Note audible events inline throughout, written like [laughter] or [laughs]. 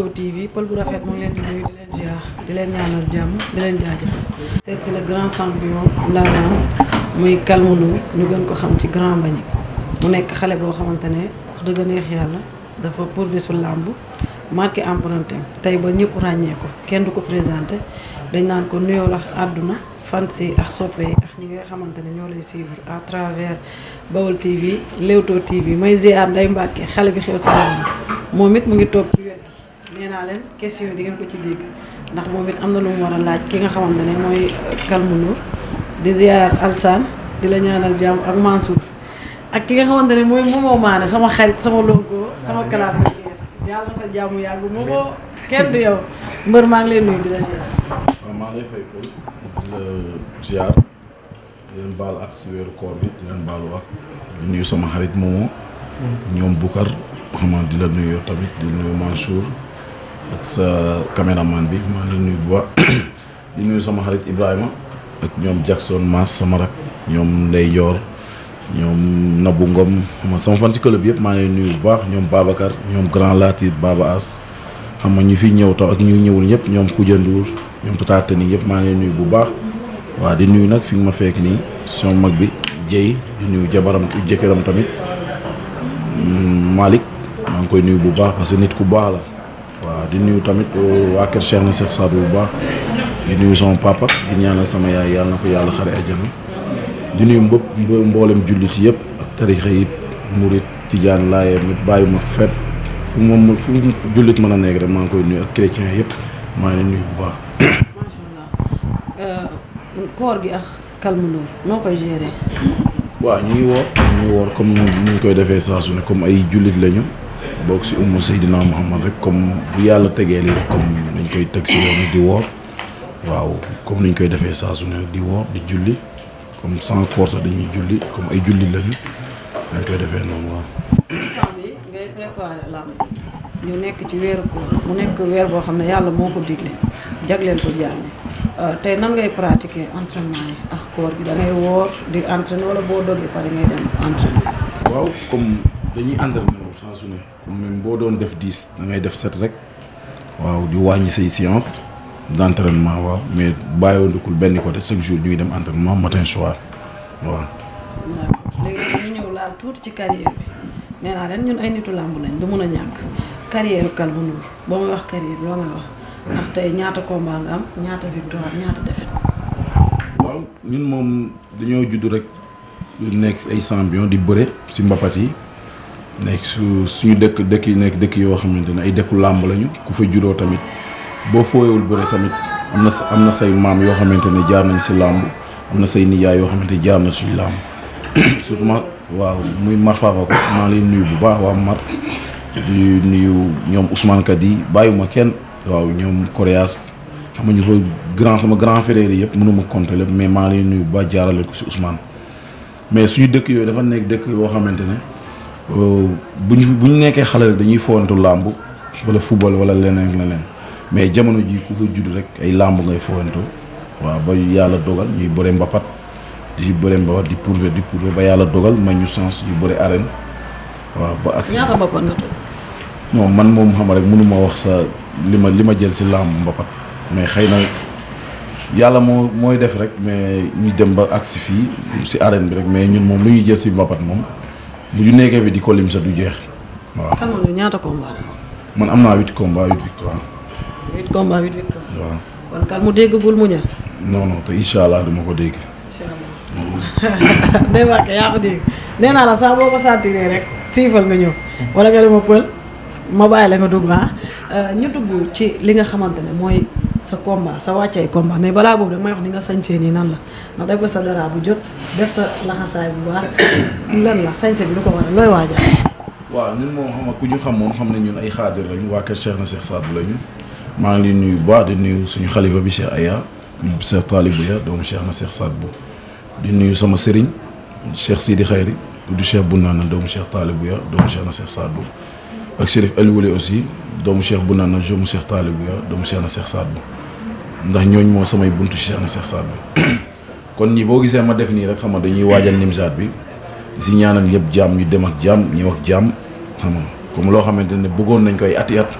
Leewtoo TV pël bu rafet mu ngi leen di nuyu di leen ziar di leen ñaanal jàmm di leen jaajëf seet si le grand champion ndaanaan muy Calme ñu gën ko xam ci grand Mbagnick mu nekk xale boo xamante ne wax dëgg neex yàlla dafa pourvu su làmb marqué empreinte tey ba ñëpp ràññee ko kenn du ko présenté dañ naan ko nuyoo wax àdduna fan si ak soppe ak ñi nga xamante ne ñoo lay suivre à travers Baol TV Leewtoo TV may ziar Ndeye Mbacke xale bi xew si moom it mu naa leen di ngeen ko ci dégg ndax moom it am na lu mu war ki nga xamante ne mooy Calme Ndour di di la ñaanal jàmm ak Mansour ki nga xamante ne mooy Momo sama xarit sama lonko sama classe sa jàmm yàgg Momo kenn maa leen nuyu di la ziar. waaw baal ak si weeru koor bi leen baalu ak di nuyu sama xarit Momo. Hmm. ñoom Bukar xam di la nuyu tamit di nuyu Mansour. ak sa caméraman bi maa ngi nuyu bu baax [coughs] di nuyu sama xarit Ibrahima ak ñoom Jackson Mass sama rak ñoom Ndey Joor ñoom Nabou Ngom xam sama fan si club yëpp maa ngi nuyu bu baax ñoom Babacar ñoom Grand Latir Baba As xam nga ñu fi ñëw taw ak ñu ñëwul ñëpp ñoom Koudia Ndour ñoom Tata Tani yëpp maa ngi nuyu bu baax waaw di nuyu nag fi ma fekk nii sama mag bi Dieye di nuyu jabaram jëkkëram tamit mm, malik maa ngi koy nuyu bu baax parce que nit ku baax la. di nuyu tamit euh, waa kër Cheikh na Cheikh Sadou bu baax di nuyu sama papa di ñaanal sama yaay yàlla na ko yàlla xare ajjana di nuyu mbëpp mboolem jullit yëpp ak tarixa yi murit tijaan laayee mit bàyyi ma fépp fu moom fu jullit mën a nekk rek maa ngi koy nuyu ak chrétien yëpp maa ngi nuyu bu baax. Euh, koor gi ak Calme Ndour koy gérer. waaw ñu ngi woor ñu woor comme ni ñu koy defee saasu ne comme ay jullit lañu. bokk si umma Seydina Muhammad rek comme bu yàlla tegee lii rek comme nañ koy teg si yoon di woor waaw comme niñ koy defee saa su ne di woor di julli comme sans force dañuy julli comme ay julli lañu dañ koy defee noonu waaw. bi nekk ci weeru koor mu nekk weer boo xam ne yàlla moo ko digle jagleel ko jàmm euh, tey nan ngay pratiquer entraînement yi ak koor gi da woor di entraîner wala boo doggee pare ngay dem entraîner. waaw comme. dañuy entraîné wu saa su ne comme boo doon def dix da ngay def set rek waaw di wàññi say séance d' entraînement waaw mais bàyyoondikul benn côté chaque jour ñuy dem entraînement matin soir waaw. léegi dañu ñëw laal tuuti ci carrière bi nee naa leen ñun ay nitu làmb lañ du mun a ñàkk carrière Calbou Ndour boo may wax carrière loo may wax ndax tey ñaata combat ñaata victoire ñaata défaite. waaw ñun moom dañoo judd rek nekk ay sambion di bëre si mbapat yi. nekk su suñu dëkk dëkk yi nekk dëkk yoo xamante ne ay dëkku làmb lañu ku fa juddoo tamit boo fooyewul bëre tamit am na am na say maam yoo xamante ne jaar nañ si làmb am na say nijaay yoo xamante ne jaar na suñu làmb [coughs] surtout ma waaw muy Mar Fafa ko maa ngi nuyu bu baax waa Mar di nuyu ñoom Ousmane Kadi bàyyiwuma kenn waaw ñoom Koreas xam nga ñu fa grand sama grand frère yëpp mënuma compter lépp mais maa ngi nuyu bu baax jaarale ko si Ousmane mais suñu dëkk yooyu dafa nekk dëkk yoo xamante ne. bu ñu bu nekkee xale dañuy fowantu làmb wala football wala leneen ak leneen mais jamono ji ku fa judd rek ay làmb ngay fowantu waaw ba yàlla dogal ñuy bëre mbapat di bëre mbapat di pourve di pourve ba yàlla dogal ma ñu sens yu bëre arène waaw ba ak ñaata mbapat man moom xam rek mënuma wax sa li ma li ma jël si làmb mbapat mais xëy na yàlla moo mooy def rek mais ñu dem ba agsi fii si arène bi rek mais ñun moom lu ñuy jël si mbapat moom bu ñu nekkee fi di ko lim du jeex waaw. kan nga ñaata combat man am naa huit combat huit victoire. huit combat huit victoire. waaw kan mu déggagul mu ñor. non non te incha allah ko dégg. [laughs] day wàkke yaa ko dégg nee naa la sax boo ko sentiree rek siifal nga ñëw wala nga dama pël ma bàyyi la nga dugg ah euh, ñu dugg ci li nga xamante ne mooy sa combat sa wàccay combat mais balaa boobu rek may wax ni nga sañsee nii nan la ndax def sa dara bu jot def sa laxasaay bu baax lan la sañse bi lu ko waral looy waajal. waaw ñun moom xam ku ñu xam moom xam na ñun ay xaadir lañu waa kër Cheikh na Cheikh Sadou lañu maa ngi leen nuyu bu baax di nuyu suñu xalifa bi Cheikh Aya bu Cheikh Talibou ya doomu Cheikh na Cheikh Sadou di nuyu sama sëriñ Cheikh Sidi Khayri du Cheikh Bounana doomu Cheikh doomu Cheikh na Cheikh Sadou ak Chérif Aliou Wali aussi. doomu Cheikh bu naan doomu Cheikh Talibou ya doomu Cheikh na Cheikh Saad Bou ndax ñooñ moo samay buntu Cheikh na Cheikh Saad Bou [clears throat] kon nii boo gisee ma def nii rek xam nga dañuy waajal nimsaat bi si ñaanal ñëpp jàmm ñu dem ak jàmm ñëw ak jàmm xam nga comme loo xamante ne bëggoon nañ koy ati at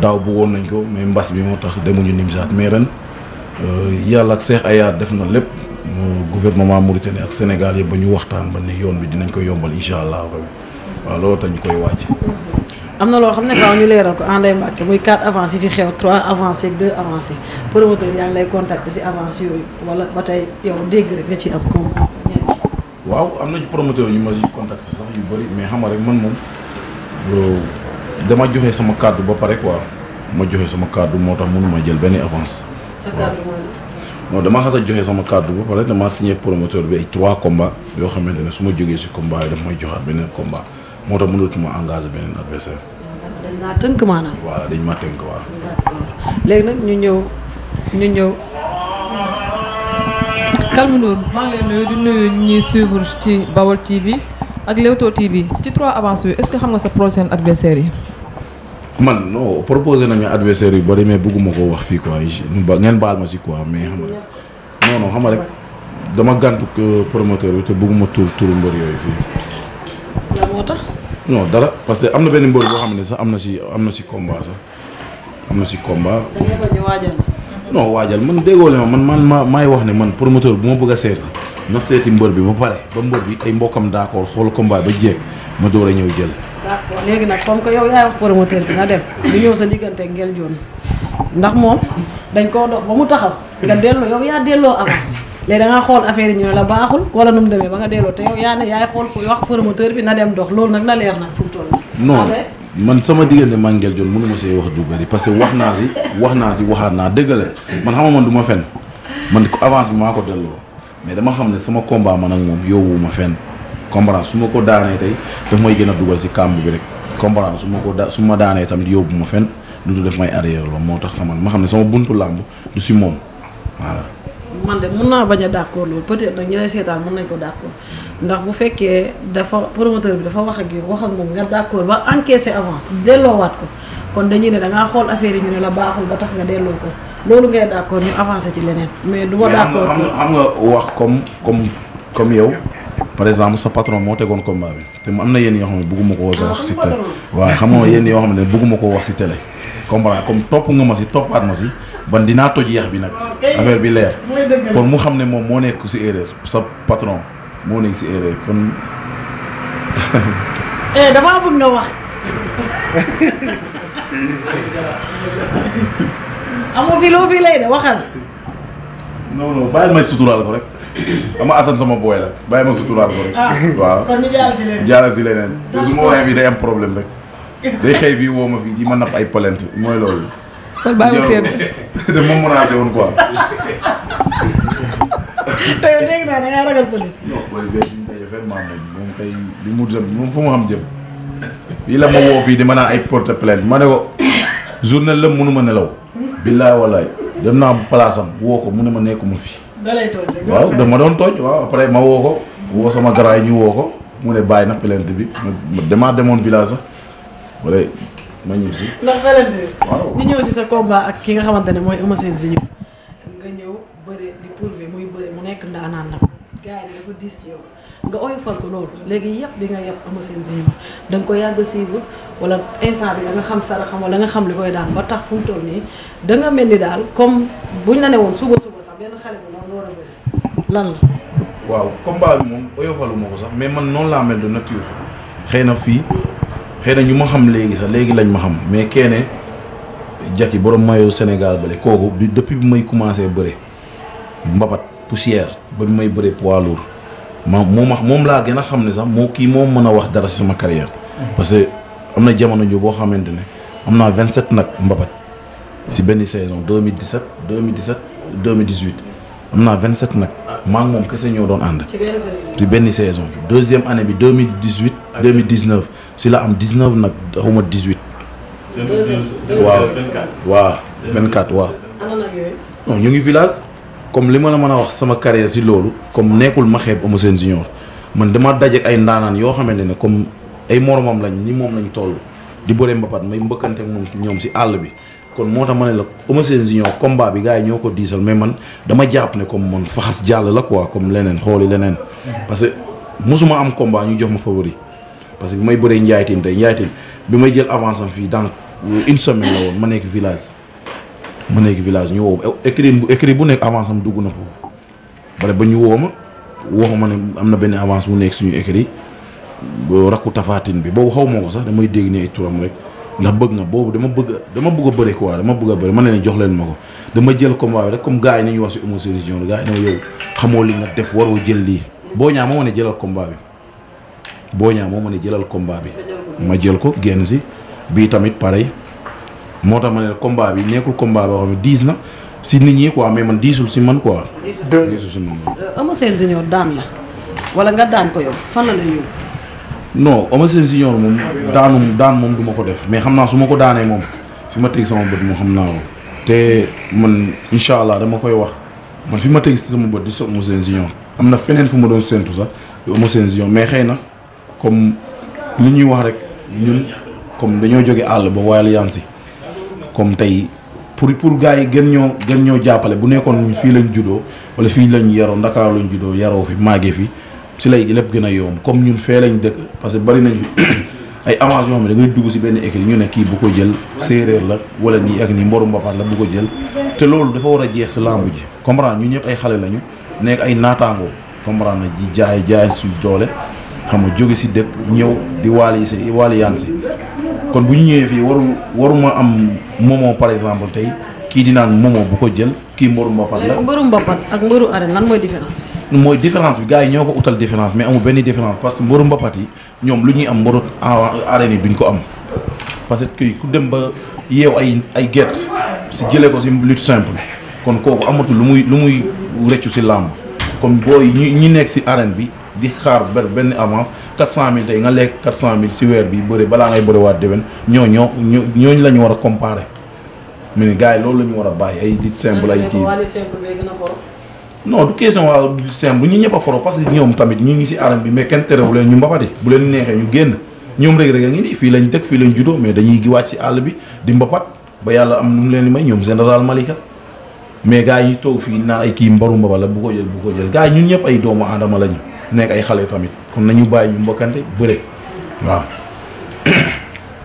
daaw bëggoon nañ ko mais mbas bi moo tax demuñu nimsaat mais ren euh, yàlla ak Cheikh ayaat def na lépp gouvernement Mauritanie ak Sénégal yëpp ba ñu waxtaan ba ne yoon bi dinañ ko yombal incha allah waaw loolu tax ñu koy waaj. am na loo xam ne faaw ñu leeral ko en lay mbàkke muy 4 avance yi fi xew 3 avancé ak 2 avancé promoteur yaa ngi lay contacter si avance yooyu wala ba tey yow dégg rek nga ci am comme waaw am na ci promoteur yu ma si contacté sax yu bëri mais xam nga rek man moom dama joxe sama kàddu ba pare quoi ma joxe sama kàddu moo tax mënuma jël benn avance. sa dama xas a joxe sama kàddu ba pare dama signé promoteur bi ay 3 combats yoo xamante ne su ma jógee si combat yi daf may joxaat beneen combat moo tax mënatuma engagé beneen adversaire dañ laa tënk maanaam. voilà dañ ma tënk waaw. léegi nag ñu ñëw ñu ñëw. Calme Ndour maa ngi leen nuyu di nuyu ñuy suivre ci Bawol TV ak Leewtoo TV ci trois avance bi est-ce que xam nga sa prochain adversaire yi. man non proposé na mes adversaires yu bari mais bëgguma ko wax fii ko ba ngeen baal ma si quoi mais xam ne rek xam nga rek dama gàntu promoteur bi te bëgguma turu mbër yooyu fii. non dara parce que am na benn mbër boo xam ne sax am na si am na si combat sax am na si combat. da ngeen ko ñu waajal. non man man man maa maay wax ne man promoteur bu ma bëgg a si na seeti mbër bi ba pare bi ay mbokkam d'accord xool combat ba jeeg ma sa diggante ak nga delloo yow yaa delloo avance léegi da xool affaire yi ñu ne la baaxul wala nu demee ba nga delloo te yow yaa ne yaay xool pour wax promoteur bi na dem dox loolu nag na leer na fu mu toll non man sama diggante Mangel Dione mënu ma wax du bëri parce que wax naa si wax naa si waxaat naa dëgg la man xam nga du ma fen man avance bi maa ko delloo mais dama xam ne sama combat man ak moom yóbbu ma fenn comprendre su ma ko daanee tey daf may gën a dugal si kàmb bi rek comprendre su ma ko da su ma daanee tamit yóbbu ma fenn lu dul def may arrière la moo tax xamal ma xam ne sama buntu làmb du si moom voilà man de mun naa bañ a d'accord loolu peut-être nag ñi lay seetaan mën nañ ko d'accord ndax bu fekkee dafa promoteur bi dafa wax a yow wax ak moom nga d'accord ba encaissé avance delloowaat ko kon dañuy ne da xool affaire yi ñu ne la baaxul ba tax nga delloo ko loolu ngay d'accord ñu avancer ci leneen. mais du ma d'accord xam nga wax comme comme comme yow. par exemple sa patron moo tegoon combat bi te mu am na yenn yoo xam ne bëgguma koo ah, wax si télé waaw xam nga yenn yoo xam ne bëgguma koo wax si télé comprendre comme topp nga ma si toppaat ma si ban dinaa toj yax bi nag affaire bi leer kon mu xam ne moom moo nekk si erreur sa patron moo nekk si erreur kon [laughs] eh damaa bëgg nga wax [laughs] amoo fi loo fi lay de waxal ama Assane sama booy la bàyyi ma suturaat ko rek. Ah, waaw kon ñu leneen te su ma waxee bi day am problème rek. day xëy fii woo ma fii di ma napp ay plainte mooy loolu. kon bàyyi [laughs] naa mu jëm fu mu xam jëm. la ma fii di ma naan ay porte plainte ma ne ko journée la mënu ma nelaw. billaay walaay dem naa place am woo ko mu ne ma nekkuma fii da lay waaw da ma doon tooñ waaw après ma woo ko woo sama garaay ñu woo ko mu ne bàyyi na plainte bi ma damaa demoon village sax wala ma ñëw si. ndax plainte bi. waaw si sa combat ak ki nga xamante ne mooy Eumeu si ñëw. nga ñëw bëre di prouver muy bëre mu nekk ndaanaan nag gars yi dafa diis ci yow nga oyofal ko loolu léegi yëpp bi nga yëpp Eumeu Sène si ñëw da ko yàgg a suivre wala instant bi da nga xam sara xam nga xam li koy daan ba tax fu mu toll nii danga mel ni daal comme buñ la ne woon suba suba sax lan la. waaw combat bi moom oyofalu ma ko sax mais man noonu laa mel de nature xëy na fii xëy na ñu ma xam léegi sax léegi lañ ma xam mais keene Jacky borom mayo Sénégal bale kooku bi depuis bi may commencé bëre mbapat poussière ba bi may bëre poids lourd ma moom moom laa gën a xam ne sax moo kii moo mën a wax dara si sama carrière mm-hmm. parce que am na jamono ju boo xamante ne am naa 27 nag mbapat si benn saison 2017 2017 2018 am naa 27 nag. maa ngi moom kese ñoo doon ànd. ci benn saison deuxième année bi deux mille dix huit deux mille dix neuf ci la am dix neuf nag xawma dix huit. waaw waaw vingt quatre waaw. ñu ngi village comme li ma la mën a wax sama carrière si loolu comme nekkul ma xeeb Eumeu seen junior man dama dajeek ay ndaanaan yoo xamante ne comme ay moromam lañ ni moom lañ toll di bëree mbapat may mbëkkante moom ñoom si àll bi. kon moo tax ma ne la Eumeu Sène Junior combat bi gars yi ñoo ko diisal mais man dama jàpp ne comme man faxas jàll la quoi comme leneen xooli leneen. parce que mosuma am combat ñu jox ma favori. parce que bi may bëree njaaytin tey njaaytin bi may jël avance am fii dans une semaine la woon ma nekk village. ma nekk village ñu woo écrit bu écrit bu nekk avance am dugg na foofu. bare ba ñu woo ma waxu ma ne am na benn avance bu nekk suñu écrit rakku tafaatin bi boobu xaw ma ko sax damay dégg ne turam rek. ndax bëgg na boobu dama bëgg dama bëgg a bëri quoi dama bëgg a bëri ma ne leen jox leen ma ko dama jël combat bi rek comme gars yi ni ñu wax si Eumeu Sène Junior li nga def waroo jël lii boo ñaa moo ma ne jëlal combat bi boo ñaa moo ma ne jëlal combat bi ma jël ko génn si bii tamit pareil moo tax ma ne combat bi nekkul combat boo xam ne diis na si nit ñi quoi mais man diisul si man quoi diisul si man Eumeu Sène daan la wala nga daan ko yow fan la lay yóbbu non Eumeu Sène Junior moom daanu daan moom du ma ko def mais xam naa su ma ko daanee moom fi ma teg sama bët moom xam naa ko te man incha allah dama koy wax man fi ma teg sama bët di so Eumeu Sène Junior am na feneen fu ma doon séntu sax di Eumeu Sène Junior mais xëy na comme li ñuy wax rek ñun comme dañoo jóge àll ba wayal yaan si comme tey pour pour gars yi gën ñoo gën ñoo jàppale bu nekkoon fii lañ juddoo wala fii lañ yaroo Ndakaaru lañ juddoo yaroo fi màggee fi si lay lépp gën a yomb comme ñun fee lañ dëkk parce que bari nañ [clears throat] ay avance yoo xam ngay dugg si benn écrit ñu ne kii bu ko jël séeréer la wala nii ak nii mboru mbapat la bu ko jël te loolu dafa war a jeex si lamb ji comprendre ñu ñëpp ay xale lañu nekk ay naataangoo comprendre na ji jaay jaay suñ doole xam nga jóge si dëkk ñëw di waali si waali yaan si kon bu ñu ñëwee fii waru waruma am momo par exemple tey kii di naan momo bu ko jël kii mboru mbapat la mooy différence bi gars yi ñoo ko utal différence mais amul benn différence parce que mboru ñoom lu ñuy am mboru arène yi duñ ko am parce que ku dem ba yeew ay ay gerte si jële ko si lutte simple kon kooku amatul lu muy lu muy rëccu si làmb kon booy ñi ñi nekk si arène bi di xaar ber benn avance quatre cent mille tey nga lekk quatre cent mille si weer bi bëri balaa ngay bëri waat déwén ñoo ñoo ñooñu la ñu war a comparer mu ne gars yi loolu la ñu war a bàyyi ay lutte simple ay non du question waa simb bu ñu ñëpp a foro parce que ñoom tamit ñu ngi si aram bi mais kenn terewu leen ñu mbapati bu leen neexee ñu génn ñoom rek rek a ngi nii fii lañ dëkk fii lañ juddoo mais dañuy wàcc si àll bi di mbapat ba yàlla am nu mu leen di may ñoom général Malika mais gars yi toog fii naa ay kii mbaru mbaba la bu ko jël bu ko jël gars yi ñun ñëpp ay doomu aadama lañu nekk ay xale tamit kon nañu bàyyi ñu mbokkante bëre waaw.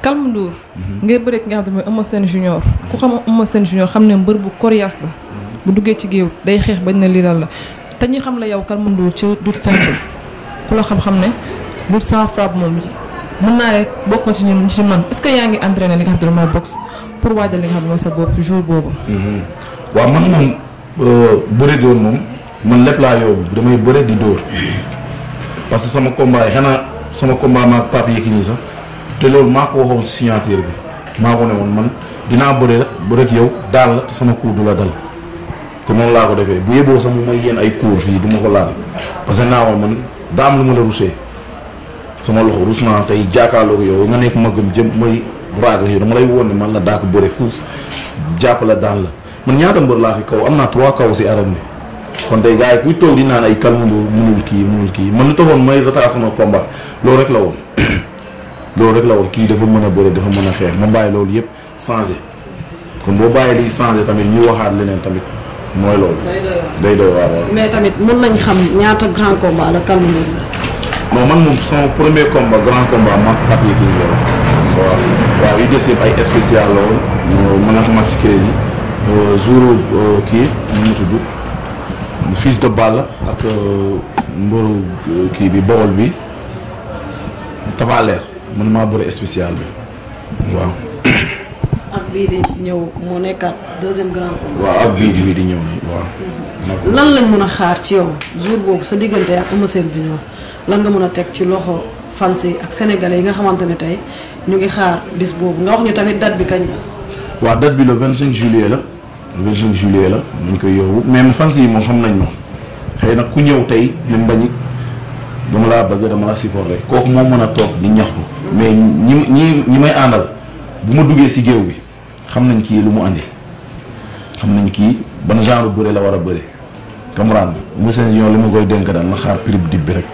Calme [coughs] Ndour. Mhm. ngay bëre ki nga xam ne mooy Eumeu Sène junior ku xam Eumeu Sène junior xam ne mbër bu coriace la. Mhm. bu duggee ci géew day xeex bañ ne lii lan la te ñi xam la yow kan mu nduur ci lutte simple ku la xam-xam ne lutte sans frappe moom mën naa rek bokk nga ci ñun man est que yaa ngi entraîné li nga xam ne mooy boxe li nga xam ne mooy sa bopp jour boobu. Mhm. waaw man moom euh, bëri dóor moom man lépp laa yóbbu damay bëri di dóor parce que sama combat yi xanaa sama combat ma ak Pape Yekini sax te loolu maa ko waxoon signature bi maa ko ne woon man dinaa bëri la bëri yow daal la te sama coup du la dal. te moom laa ko defee bu yeboo sax mu may yéen ay cours fii du ma ko laal parce que naaw man daa am lu ma la rusee sama loxo rus naa tey jàkkaarloo ko yow nga nekk magam jëm may raag yow dama lay woon ne man la daa ko bëre fuuf jàpp la daan ñaata mbër laa fi kaw am naa trois kaw si aram bi kon tey gars yi kuy toog di naan ay kalmandoo munul kii munul kii man lu taxoon may retard sama combat loolu rek la woon [coughs] loolu rek la woon kii dafa mën a bëre dafa mën a xeex ma bàyyi loolu yëpp changé kon boo bàyyi liy changé tamit ñu waxaat leneen tamit mooy loolu. day doy waar mais tamit mën nañ xam ñaata grand combat la kan la. non man moom sama premier combat grand combat ma papier gi la waaw yu des ay spécial la woon. Euh, na ko max crazy euh, jour euh, kii nu mu tudd fils de balle ak mboru kii bi bool bi Tavaleer man maa bëri spécial bi waaw. ak bii di ñëw moo nekkaat deuxième grand combat. waaw ak bii di bii di ñëw nii waaw. lan lañ mën a xaar ci yow jour boobu sa diggante ak Eumeu Sène Junior lan nga mën a teg ci loxo fans ak sénégalais yi nga xamante ne tey ñu ngi xaar bis boobu nga wax ñu tamit date bi kañ la. waaw date bi le 25 la. le juillet la dañ koy yow même fans yi moom xam nañ ma xëy na ku ñëw tey ñun bañ dama laa bëgg dama laa supporté kooku moo mën a toog di ñaxtu. mais ñi ñi ñi may àndal. bu ma duggee si géew bi xam nañ kii lu mu andi xam nañ kii ban genre bëre la war a bëre comprendre monsieur Dior li ma koy dénk daal na xaar prix dib bi rek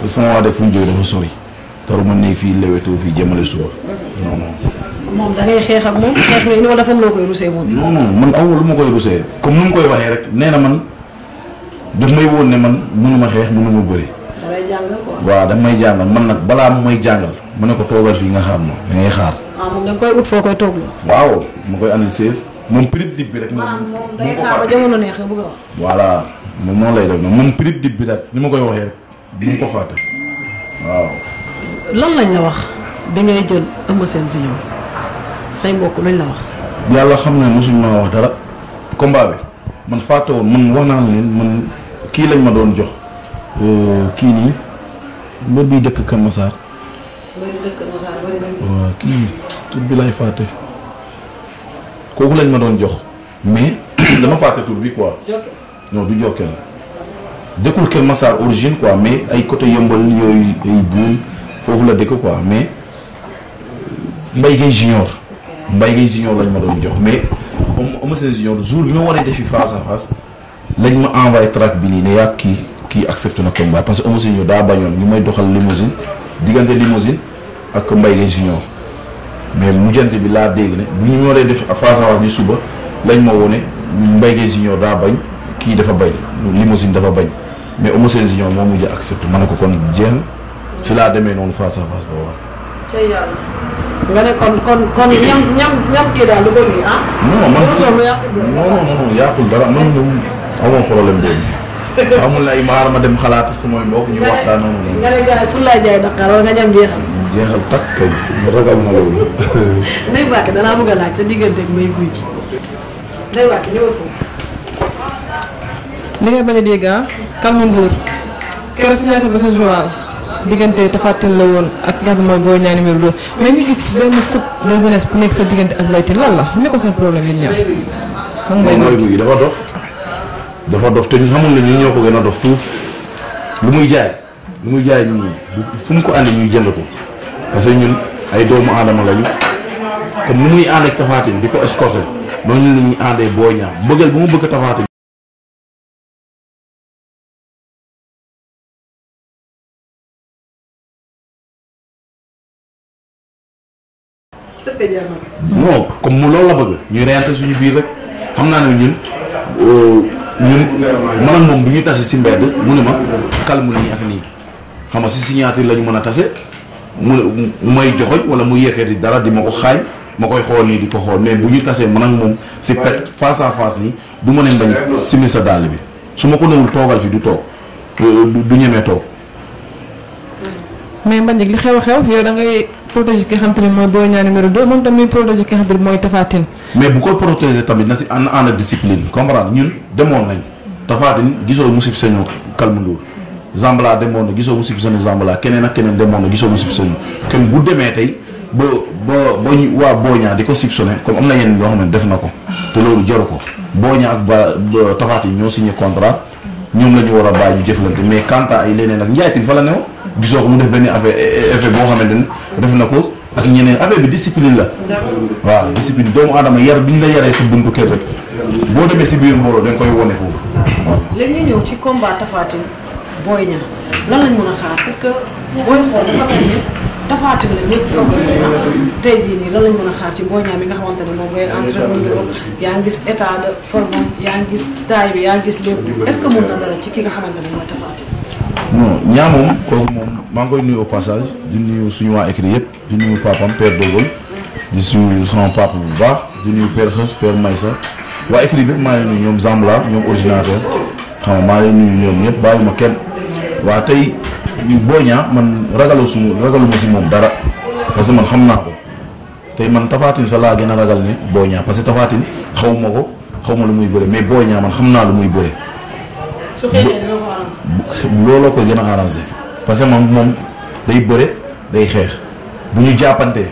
parce que sama waa dëkk fu ñu jógee dafa sori taru ma fii lewetoo fii jëmale suba non non. moom da loo koy rusee moom. non man aw lu ma koy rusee comme ni mu koy waxee rek nee na man daf may woon ne man mënu ma xeex mënu ma bëri. da ngay waaw da may jàngal man nag balaa may jàngal mu ne ko toogal fii nga xaar ma da xaar. waaw ah, moom da nga koy ut foo koy tooglu. waaw mu koy analyser moom prix dib bi rek. maanaam moom day xaar ba voilà moom lay def man moom prix dib bi rek ni ma koy waxee bu mu ko fàtte waaw. lan lañ la wax bi ngay jël Eumeu Sène si ñoom say mbokk luñ la wax. yàlla xam ne mosuñ ma wax dara combat bi man fàtte woon man wax naa leen man kii lañ ma doon jox euh, kii nii mbër bi dëkk Kër Massar. mbër bi kii. tur bi lay fàtte kooku lañ ma doon jox mais [clears throat] dama fàtte tur bi quoi non du Jokkel dëkkul Kër Massar origine quoi mais ay côté yëmbal yooyu ay buum foofu la dëkk quoi mais euh, Mbaye Gueye junior Mbaye Gueye junior lañ ma doon jox mais Eumeu Sène junior jour bi ma war a defi face à face lañ ma envoyé track bi nii ne yàgg kii kii accepté na combat parce que Eumeu Sène junior daa bañoon ñu may doxal limousine diggante limousine ak Mbaye Gueye junior mais mu mujjante bi laa dégg ne bu ñu waree def face à face bi suba lañ ma wone Mbaye Guèye Junior daa bañ kii dafa bañ limousine dafa bañ mais Eumeu Sène Junior moo mujj accepté ma ne ko kon jeex na si laa demee noonu face à face boo wax nga ko lii ah. non man [laughs] ay maar ma dem xalaat samay mbokk ñu waxtaan. noonu nga ne gars yi fu laay jaay Dakar wala nga ñam jeexal. jeexal takk kay ragal [laughs] danaa bëgg laaj sa diggante ak a dégg ah. Calme Ndour. keroog si diggante tafatin la woon ak nga xam ne mooy boo ñaani mbir loolu mais gis benn foot bu nekk sa diggante ak Mbaye Tine lan la ne seen problème yi ñaar. moom Mbaye Gouye Gui dafa dof. dafa ñoo gën a dof fuuf lu muy jaay. lu muy jaay fu mu ko ànd ñuy jënd ko. parce que ñun ay doomu aadama lañu comme ni muy ànd ak Tapha Tine ko escorté noonu la ñuy àndee Boy mbëggeel bu mu bëgg Tapha Tine comme mu loolu la bëgg ñu reyante suñu biir rek xam naa ne ñun euh, ñun maanaam moom bu ñu tase si mbedd mu ne ma calme nañu ak nii xam si signature la mën a tase mu may joxoj wala mu yëkkati dara di ma ko xaaj ma koy xool nii di ko xool mais bu ñu tasee man ak moom si pet face à face nii du ma ne mbañ simi sa dàll bi su ma ko newul toogal fi du toog du ñemee toog mais mbañ li xew a xew yow da ngay protéger ki nga xam te ne mooy Boy Niang numéro 2 moom tamit protéger ki xam te ne mooy Tapha mais bu ko protéger tamit na si ànd ànd discipline comprendre ñun demoon nañ Tapha Tine gisoo musib sañoo Zambala demoon na gisoo mu soupçonné Zambala keneen ak keneen demoon na gisoo mu soupçonné kenn bu demee tey ba ba ba waa Boña di ko soupçonné comme am na yenn yoo xam ne def na ko te loolu jaru ko Boña ak ba tafaat yi ñoo signé contrat ñoom la ñu war a bàyyi ñu jëflante mais quant à ay leneen ak njaaytin fa la new gisoo ko mu def benn affaire effet boo xamante ne def na ko ak ñeneen affaire bi discipline la waaw discipline doomu aadama yar bi ñu la yaree si buntu kër rek boo demee si biir mbooloo da nga koy wone foofu waaw léegi ñu ñëw ci combat Tapha Tine Boy Niang lan lañ mën a xaar parce que booy xool dafa mel ni dafaatin la ñëpp tey jii nii lan lañ mën a xaar ci Boy Niang bi nga xamante moom ngay entraînement bi yaa ngi gis état de forme yaa ngi gis taay yaa ngi gis lépp est-ce que mën na dara ci ki nga xamante mooy dafaatin moom kooku maa ngi koy nuyu au di nuyu suñu waa écrit yëpp di nuyu papam Dogol suñu sama papa bu baax di nuyu Xës père Maysa waa écrit bi maa ngi nuyu ñoom Zambla ñoom ordinateur xam waaw tey Boy Niang man ragalu su ragalu si moom dara parce que man xam naa ko tey man Tapha Tine sa laa gën a ragal ne Boy Niang parce que Tapha Tine xaw ma ko xaw ma lu muy bëre mais Boy Niang man xam naa lu muy bëre. su xeexee looloo koy gën a arrangé parce que man moom day bëre day xeex bu ñu jàppantee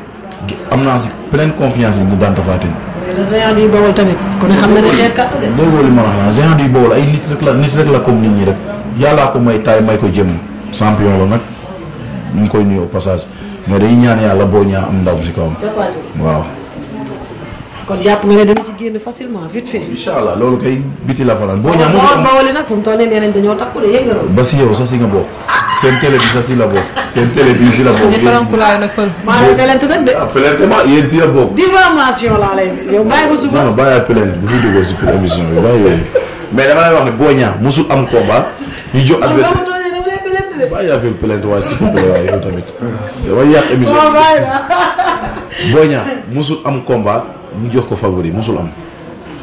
am naa si pleine confiance yi ñu daan Tapha Tine. mais géant du Baol tamit. kon xam na ne xeexkat la de. déggoo li ma wax la géant du Baol ay nit rek la nit rek la comme nit ñi rek. yàllaa ko may taay may ko jëm champion la nag ñu ngi koy nuyu au passage mais dañuy ñaan yàlla boo ñaa am ndam si kawam. waaw. kon jàpp nga ne dana ci génn facilement vite fait. incha allah loolu kay biti la faral am bawali nag dañoo takku de yëg nga loolu. ba si yow sax si nga seen télé bi sax si la bokk. ñu jóg adversaire bàyyi laa fi plainte waaye s'il te waaye yow tamit damay yàq émission Boy Niang mosul am komba mu jox ko favori mosul am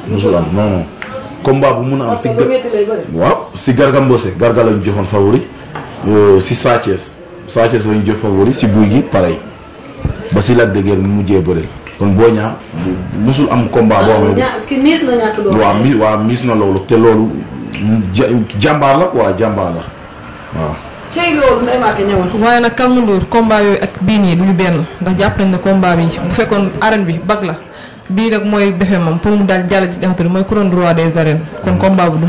mosul am non bu mun a am si waaw si Garga lañu joxoon favori euh, si Sa Thiès Sa Thiès lañu jox favori si Gouye Gui pareil ba si Lac de Guiers mu mujjee bëri kon Boy mosul am combat boo xam ne waaw mi waaw miis na loolu te loolu jàmbaar la quoi jàmbaar la waaw. cey loolu Ndeye Mate ñëwoon. waaye nag Kalma Ndour combat yooyu ak bii nii duñu benn ndax jàpp nañ ne combat bi bu fekkoon arène bi bag la bii nag mooy defe moom pour mu daal jàll ci li mooy couronne roi des arènes kon combat bu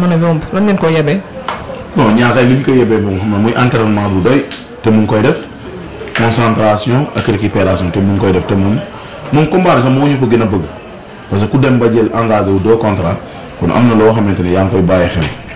ko yebee. bon ñaata ñu koy yebee moom xam na bu doy te mu ngi koy def concentration ak récupération te mu ngi koy def te moom moom combat bi sax moo ko gën a bëgg parce que ku dem ba jël engagé wu deux contrat kon am na loo xamante ne yaa ngi koy bàyyi xel.